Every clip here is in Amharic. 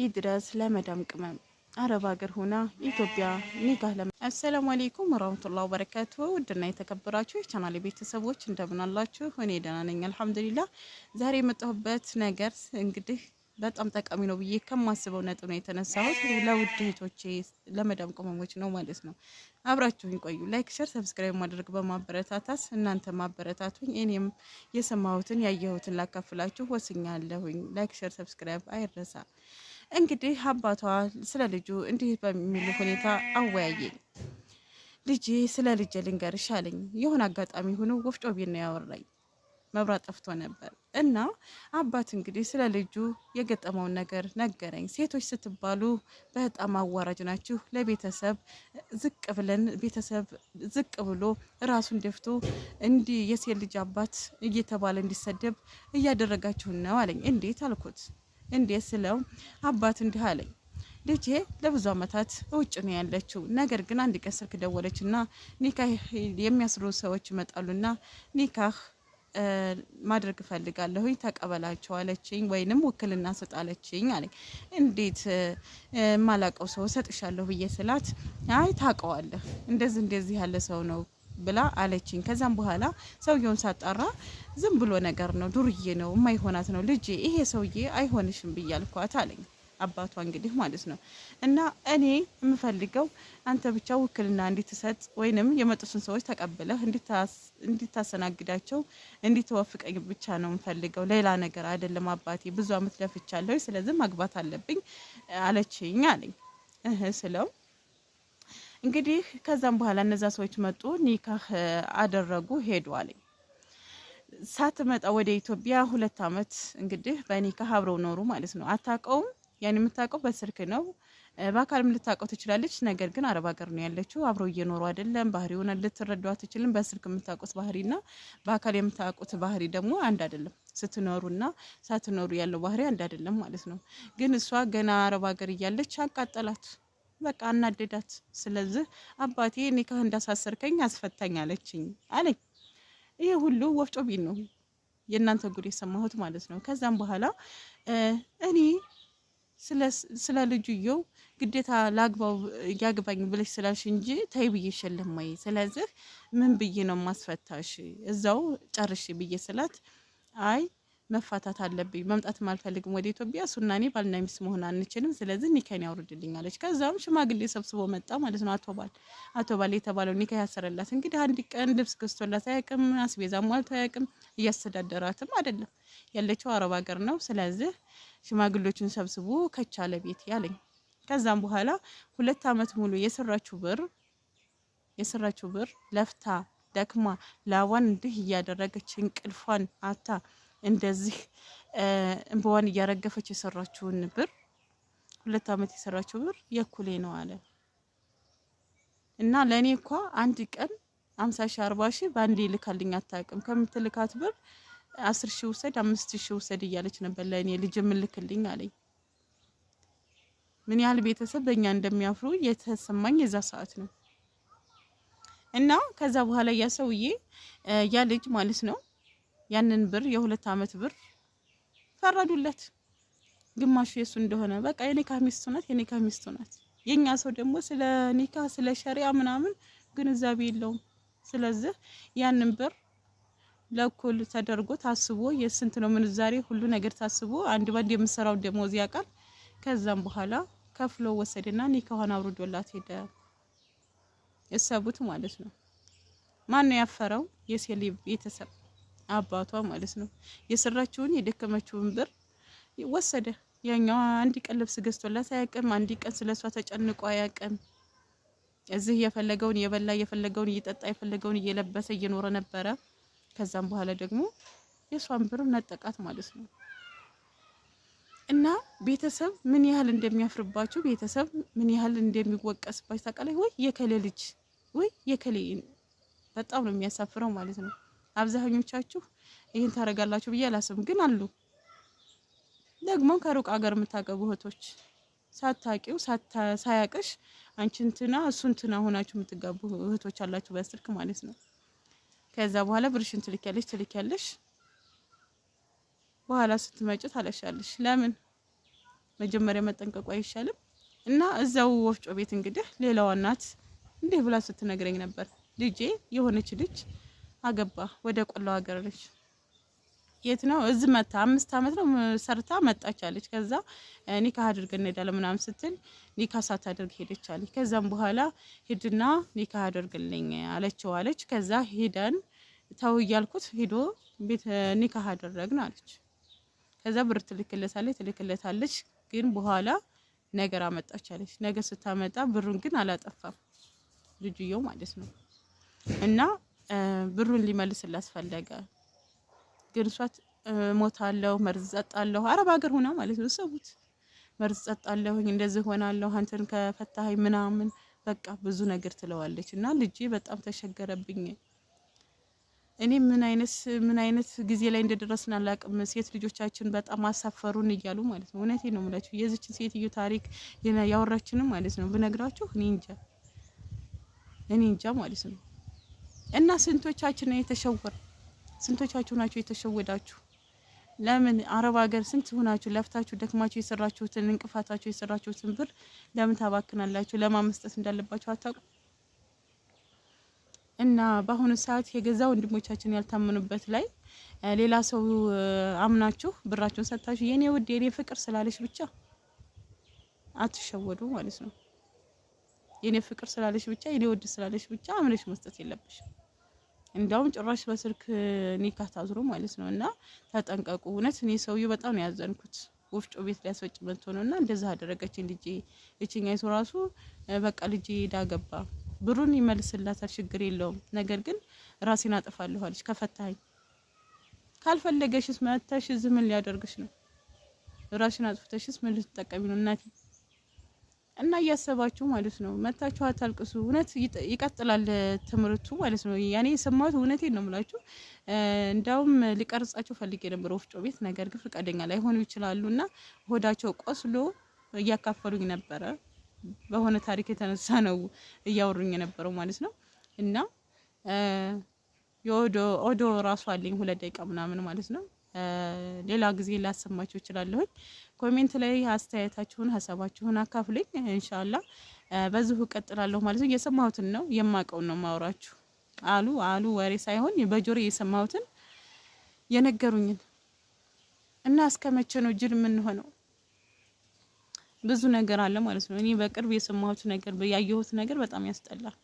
ይድረስ ለመዳም ቅመም አረብ ሀገር ሆና ኢትዮጵያ ኒካህ ለ አሰላሙ አሌይኩም ወራህመቱላሂ ወበረካቱ። ውድና የተከበራችሁ የቻናል ቤተሰቦች እንደምን አላችሁ? እኔ ደህና ነኝ አልሐምዱሊላህ። ዛሬ የመጣሁበት ነገር እንግዲህ በጣም ጠቃሚ ነው ብዬ ከማስበው ነጥብ ነው የተነሳሁት። ለውድ እህቶቼ ለመዳም ቅመሞች ነው ማለት ነው። አብራችሁኝ ቆዩ። ላይክ፣ ሸር፣ ሰብስክራይብ ማድረግ በማበረታታት እናንተ ማበረታቱኝ እኔም የሰማሁትን ያየሁትን ላካፍላችሁ ወስኛለሁኝ። ላይክ፣ ሸር፣ ሰብስክራይብ አይረሳ። እንግዲህ አባቷ ስለ ልጁ እንዲህ በሚል ሁኔታ አወያየኝ። ልጄ ስለ ልጄ ልንገርሽ አለኝ። የሆነ አጋጣሚ ሆኖ ወፍጮ ቤት ነው ያወራኝ መብራት ጠፍቶ ነበር እና አባት እንግዲህ ስለ ልጁ የገጠመውን ነገር ነገረኝ። ሴቶች ስትባሉ በጣም አዋራጅ ናችሁ። ለቤተሰብ ዝቅ ብለን ቤተሰብ ዝቅ ብሎ ራሱን ደፍቶ እንዲህ የሴት ልጅ አባት እየተባለ እንዲሰደብ እያደረጋችሁን ነው አለኝ። እንዴት አልኩት። እንዴት ስለው አባት እንዲህ አለኝ ልጄ ለብዙ ዓመታት ውጭ ነው ያለችው። ነገር ግን አንድ ቀን ስልክ ደወለችና ኒካህ የሚያስሩ ሰዎች ይመጣሉና ኒካህ ማድረግ እፈልጋለሁኝ ተቀበላቸው አለችኝ፣ ወይንም ውክልና ስጥ አለችኝ አለኝ። እንዴት የማላቀው ሰው እሰጥሻለሁ ብዬ ስላት፣ አይ ታውቀዋለህ፣ እንደዚህ እንደዚህ ያለ ሰው ነው ብላ አለችኝ። ከዛም በኋላ ሰውየውን ሳጣራ ዝም ብሎ ነገር ነው፣ ዱርዬ ነው፣ የማይሆናት ነው ልጄ፣ ይሄ ሰውዬ አይሆንሽም ብዬ አልኳት አለኝ። አባቷ እንግዲህ ማለት ነው። እና እኔ የምፈልገው አንተ ብቻ ውክልና እንድትሰጥ ወይንም የመጡትን ሰዎች ተቀብለህ እንድታሰናግዳቸው እንድትወፍቀኝ ብቻ ነው የምፈልገው፣ ሌላ ነገር አይደለም። አባቴ ብዙ አመት ለፍቻለሁ፣ ስለዚህ ማግባት አለብኝ አለችኝ አለኝ ስለው እንግዲህ ከዛም በኋላ እነዛ ሰዎች መጡ፣ ኒካህ አደረጉ፣ ሄዱ አለኝ። ሳትመጣ ወደ ኢትዮጵያ ሁለት አመት እንግዲህ በኒካህ አብረው ኖሩ ማለት ነው። አታውቀውም ያን የምታውቀው በስልክ ነው። በአካልም ልታውቀው ትችላለች። ነገር ግን አረብ ሀገር ነው ያለችው። አብሮ እየኖሩ አይደለም። ሆነ ልትረዷ ትችልም። በስልክ የምታውቁት ባህሪና በአካል የምታውቁት ባህሪ ደግሞ አንድ አይደለም። ስትኖሩና ሳትኖሩ ያለው ባህሪ አንድ አይደለም ማለት ነው። ግን እሷ ገና አረብ ሀገር እያለች አቃጠላት። በቃ አናደዳት። ስለዚህ አባቴ ኒካህ እንዳሳሰርከኝ አስፈታኝ አለችኝ አለኝ። ይሄ ሁሉ ወፍጮ ቢን ነው የእናንተ ጉድ የሰማሁት ማለት ነው። ከዛም በኋላ እኔ ስለ ልጁየው ግዴታ ላግባው ያግባኝ ብለሽ ስላልሽ እንጂ ተይ ብዬ የለም ወይ? ስለዚህ ምን ብዬ ነው ማስፈታሽ? እዛው ጨርሽ ብዬ ስላት አይ መፋታት አለብኝ፣ መምጣትም አልፈልግም ወደ ኢትዮጵያ። እሱና እኔ ባልና ሚስት መሆን አንችልም፣ ስለዚህ ኒካን ያውርድልኝ አለች። ከዛም ሽማግሌ ሰብስቦ መጣ ማለት ነው። አቶ ባል አቶ ባል የተባለው ኒካ ያሰረላት እንግዲህ አንድ ቀን ልብስ ገዝቶላት አያውቅም፣ አስቤዛ ሟልቶ አያውቅም፣ እያስተዳደራትም አይደለም ያለችው አረብ ሀገር ነው። ስለዚህ ሽማግሌዎችን ሰብስቦ ከቻለ ቤት ያለኝ ከዛም በኋላ ሁለት አመት ሙሉ የሰራችው ብር የሰራችው ብር ለፍታ ደክማ ላቧን እንዲህ እያደረገች እንቅልፏን አታ እንደዚህ እንበዋን እያረገፈች የሰራችውን ብር ሁለት ዓመት የሰራችው ብር የኩሌ ነው አለ እና ለእኔ እኳ አንድ ቀን አምሳ ሺ አርባ ሺ በአንዴ ይልካልኝ አታውቅም። ከምትልካት ብር አስር ሺ ውሰድ፣ አምስት ሺ ውሰድ እያለች ነበር ለእኔ ልጅ ምልክልኝ አለኝ። ምን ያህል ቤተሰብ በእኛ እንደሚያፍሩ የተሰማኝ የዛ ሰዓት ነው። እና ከዛ በኋላ ያ ሰውዬ ያ ልጅ ማለት ነው ያንን ብር የሁለት አመት ብር ፈረዱለት። ግማሹ የሱ እንደሆነ በቃ የኒካ ሚስቱ ናት፣ የኒካ ሚስቱ ናት። የኛ ሰው ደግሞ ስለ ኒካ ስለ ሸሪያ ምናምን ግንዛቤ የለውም። ስለዚህ ያንን ብር ለእኩል ተደርጎ ታስቦ የስንት ነው ምንዛሬ ሁሉ ነገር ታስቦ አንድ ባንድ የምሰራው ደሞዝ ያውቃል። ከዛም በኋላ ከፍሎ ወሰደና ኒካዋን አውርዶላት ሄደ። እሰቡት ማለት ነው። ማን ነው ያፈረው? የሴሊብ ቤተሰብ አባቷ ማለት ነው። የሰራችውን የደከመችውን ብር ወሰደ። ያኛዋ አንድ ቀን ልብስ ገዝቶላት አያውቅም። አንድ ቀን ስለሷ ተጨንቆ አያውቅም። እዚህ የፈለገውን የበላ የፈለገውን እየጠጣ የፈለገውን እየለበሰ እየኖረ ነበረ። ከዛም በኋላ ደግሞ የሷን ብር ነጠቃት ማለት ነው። እና ቤተሰብ ምን ያህል እንደሚያፍርባችሁ ቤተሰብ ምን ያህል እንደሚወቀስባችሁ ታውቃለች ወይ? የከሌ ልጅ ወይ የከሌ በጣም ነው የሚያሳፍረው ማለት ነው። አብዛኞቻችሁ ይህን ታደርጋላችሁ ብዬ አላስብም፣ ግን አሉ ደግሞ ከሩቅ ሀገር የምታገቡ እህቶች ሳታቂው ሳያቅሽ አንቺ እንትና እሱ እንትና ሆናችሁ የምትጋቡ እህቶች አላችሁ፣ በስልክ ማለት ነው። ከዛ በኋላ ብርሽን ትልኪያለሽ ትልኪያለሽ፣ በኋላ ስትመጭ ታለሻለሽ። ለምን መጀመሪያ መጠንቀቁ አይሻልም? እና እዛው ወፍጮ ቤት እንግዲህ ሌላዋ እናት እንዲህ ብላ ስትነግረኝ ነበር ልጄ የሆነች ልጅ አገባ ወደ ቆላው ሀገር ልጅ የት ነው እዚህ መታ አምስት አመት ነው ሰርታ መጣች አለች። ከዛ ኒካ አድርገን እንሄዳለን ምናምን ስትል ኒካ ሳታደርግ ሄደች አለች። ከዛም በኋላ ሂድና ኒካ አድርግልኝ አለችው አለች። ከዛ ሂደን ተው እያልኩት ሂዶ ቤት ኒካ አደረግን አለች። ከዛ ብር ትልክለታለች ትልክለታለች፣ ግን በኋላ ነገር አመጣች አለች። ነገር ስታመጣ ብሩን ግን አላጠፋም ልጅየው ማለት ነው እና ብሩን ሊመልስላት ፈለገ። ግን እሷት ሞታለሁ፣ መርዝ ጠጣለሁ፣ አረብ ሀገር ሆና ማለት ነው። ሰቡት መርዝ ጠጣለሁኝ፣ እንደዚህ ሆናለሁ፣ አንተን ከፈታኸኝ ምናምን በቃ ብዙ ነገር ትለዋለች። እና ልጄ በጣም ተሸገረብኝ። እኔ ምን አይነት ምን አይነት ጊዜ ላይ እንደደረስን አላቅም። ሴት ልጆቻችን በጣም አሳፈሩን እያሉ ማለት ነው። እውነቴ ነው የምላችሁ የዚችን ሴትዮ ታሪክ ያወራችንም ማለት ነው ብነግራችሁ እኔ እንጃ እኔ እንጃ ማለት ነው እና ስንቶቻችን የተሸወር ስንቶቻችሁ ናችሁ የተሸወዳችሁ? ለምን አረብ ሀገር ስንት ሆናችሁ ለፍታችሁ ደክማችሁ የሰራችሁትን እንቅፋታችሁ የሰራችሁትን ብር ለምን ታባክናላችሁ? ለማመስጠት እንዳለባችሁ አታውቁ? እና በአሁኑ ሰዓት የገዛ ወንድሞቻችን ያልታመኑበት ላይ ሌላ ሰው አምናችሁ ብራችሁን ሰጥታችሁ የኔ ውድ የኔ ፍቅር ስላለሽ ብቻ አትሸወዱ ማለት ነው። የኔ ፍቅር ስላለች ብቻ የኔ ውድ ስላለሽ ብቻ አምነሽ መስጠት የለብሽም። እንዲያውም ጭራሽ በስልክ ኒካ ታዝሮ ማለት ነው። እና ተጠንቀቁ። እውነት እኔ ሰውዬው በጣም ያዘንኩት። ወፍጮ ቤት ሊያስፈጭ መጥቶ ነው እና እንደዛ አደረገችን ልጄ። እችኛይቱ ራሱ በቃ ልጄ ገባ። ብሩን ይመልስላታል፣ ችግር የለውም ነገር ግን ራሴን አጠፋለሁ አለች። ከፈታኝ ካልፈለገሽስ መተሽ ዝምን ሊያደርግሽ ነው? ራሽን አጥፍተሽስ ምን ልትጠቀሚ ነው እናቴ? እና እያሰባችሁ ማለት ነው መታችሁ አታልቅሱ። እውነት ይቀጥላል ትምህርቱ ማለት ነው። ያኔ የሰማሁት እውነቴን ነው ምላችሁ እንዲያውም ሊቀርጻቸው ፈልጌ ነበር ወፍጮ ቤት፣ ነገር ግን ፈቃደኛ ላይሆኑ ይችላሉ እና ሆዳቸው ቆስሎ እያካፈሉኝ ነበረ። በሆነ ታሪክ የተነሳ ነው እያወሩኝ የነበረው ማለት ነው። እና የኦዶ ኦዶ ራሱ አለኝ ሁለት ደቂቃ ምናምን ማለት ነው ሌላ ጊዜ ላሰማችሁ እችላለሁኝ። ኮሜንት ላይ አስተያየታችሁን፣ ሀሳባችሁን አካፍልኝ። እንሻላ በዚሁ እቀጥላለሁ ማለት ነው። የሰማሁትን ነው የማውቀውን ነው ማውራችሁ። አሉ አሉ ወሬ ሳይሆን በጆሮ የሰማሁትን የነገሩኝን እና እስከ መቼ ነው ጅል የምንሆነው? ብዙ ነገር አለ ማለት ነው። እኔ በቅርብ የሰማሁት ነገር ያየሁት ነገር በጣም ያስጠላል።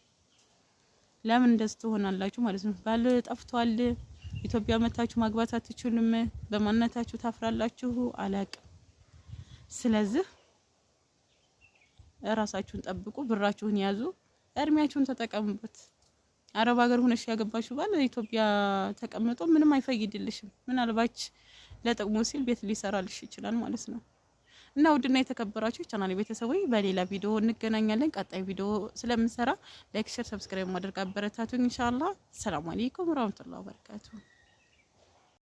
ለምን እንደዚህ ትሆናላችሁ ማለት ነው? ባል ጠፍቷል ኢትዮጵያ መታችሁ ማግባት አትችሉም፣ በማንነታችሁ ታፍራላችሁ አላቅም። ስለዚህ ራሳችሁን ጠብቁ፣ ብራችሁን ያዙ፣ እድሜያችሁን ተጠቀሙበት። አረብ ሀገር ሆነሽ ያገባችሁ ባል ኢትዮጵያ ተቀምጦ ምንም አይፈይድልሽም። ምናልባች ለጥቅሙ ሲል ቤት ሊሰራልሽ ይችላል ማለት ነው። እና ውድና የተከበራችሁ ቻናል ቤተሰቦች በሌላ ቪዲዮ እንገናኛለን። ቀጣይ ቪዲዮ ስለምንሰራ ላይክ፣ ሼር፣ ሰብስክራይብ ማድረግ አበረታቱኝ። ኢንሻአላህ ሰላም አለይኩም ወራህመቱላሂ ወበረካቱ።